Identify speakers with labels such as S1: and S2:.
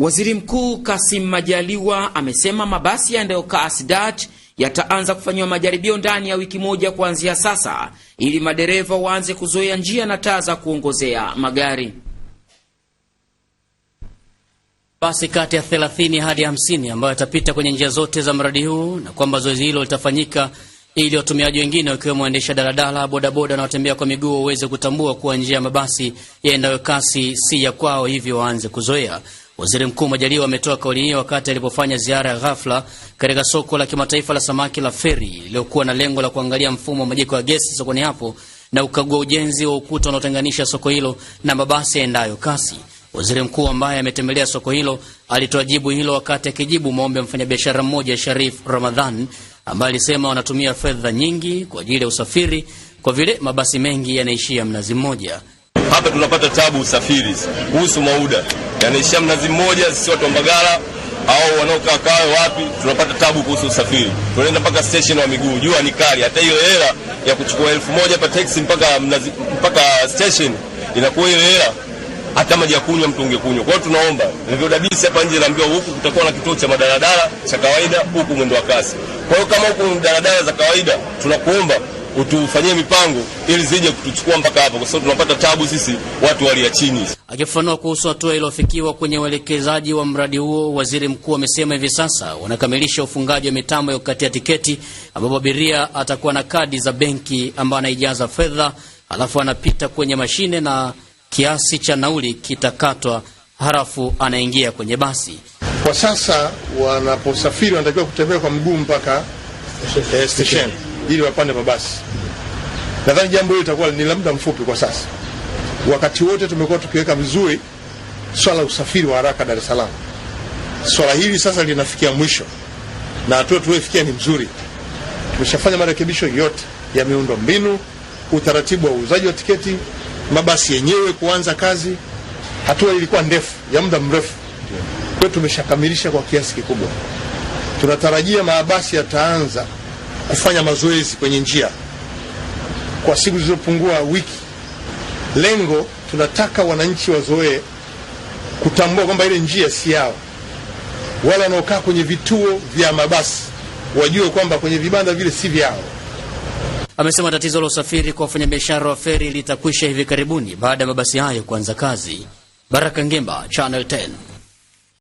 S1: Waziri Mkuu Kasim Majaliwa amesema mabasi yaendayokaa Asdat yataanza kufanyiwa majaribio ndani ya wiki moja kuanzia sasa, ili madereva waanze kuzoea njia na taa za kuongozea magari.
S2: Basi kati ya 30 hadi 50 ambayo yatapita kwenye njia zote za mradi huu, na kwamba zoezi hilo litafanyika ili watumiaji wengine wakiwemo waendesha daladala, bodaboda na watembea kwa miguu waweze kutambua kuwa njia ya mabasi yaendayo kasi si ya kwao, hivyo waanze kuzoea. Waziri Mkuu Majaliwa ametoa kauli hiyo wakati alipofanya ziara ya ghafla katika soko la kimataifa la samaki la Feri iliyokuwa na lengo la kuangalia mfumo wa majiko ya gesi sokoni hapo na ukagua ujenzi wa ukuta unaotenganisha soko hilo na mabasi yaendayo kasi. Waziri mkuu ambaye ametembelea soko hilo alitoa jibu hilo wakati akijibu maombi ya mfanyabiashara mmoja Sharif Ramadhan ambaye alisema wanatumia fedha nyingi kwa ajili ya usafiri kwa vile mabasi mengi yanaishia mnazi mmoja
S3: hapa tunapata tabu usafiri kuhusu Mauda, yanaishia yaani Mnazi Mmoja, sisi watu wa Mbagala au wanaokaa kawe wapi, tunapata tabu kuhusu usafiri, tunaenda mpaka station wa miguu, jua ni kali. Hata hiyo hela ya kuchukua elfu moja pa taxi mpaka mnazi, mpaka station inakuwa hiyo hela, hata maji ya kunywa mtu ungekunywa. Kwa hiyo tunaomba nilivyodadisi hapa nje, naambiwa huku kutakuwa na kituo cha madaladala cha kawaida, huku mwendo wa kasi. Kwa hiyo kama huku daladala za kawaida, tunakuomba utufanyie mipango ili zije kutuchukua mpaka hapa, kwa sababu tunapata tabu sisi watu walio chini.
S2: Akifafanua kuhusu hatua iliyofikiwa kwenye uelekezaji wa mradi huo, waziri mkuu amesema hivi sasa wanakamilisha ufungaji wa mitambo ya kukatia tiketi, ambapo abiria atakuwa na kadi za benki ambayo anaijaza fedha, alafu anapita kwenye mashine na kiasi cha nauli kitakatwa, harafu anaingia kwenye basi.
S4: Kwa sasa wanaposafiri wanatakiwa kutembea kwa mguu mpaka eh, stesheni ili wapande mabasi. Nadhani jambo hili litakuwa ni la muda mfupi kwa sasa. Wakati wote tumekuwa tukiweka vizuri swala usafiri wa haraka Dar es Salaam. Swala hili sasa linafikia mwisho na hatua tuliofikia ni mzuri. Tumeshafanya marekebisho yote ya miundo mbinu, utaratibu wa uuzaji wa tiketi, mabasi yenyewe kuanza kazi. Hatua ilikuwa ndefu ya muda mrefu, kwa hiyo tumeshakamilisha kwa kiasi kikubwa. Tunatarajia mabasi yataanza kufanya mazoezi kwenye njia kwa siku zilizopungua wiki. Lengo tunataka wananchi wazoee kutambua kwamba ile njia si yao. Wale wanaokaa kwenye vituo vya mabasi wajue kwamba kwenye vibanda vile si vyao.
S2: Amesema tatizo la usafiri kwa wafanyabiashara wa feri litakwisha hivi karibuni baada ya mabasi hayo kuanza kazi. Baraka Ngemba, Channel 10.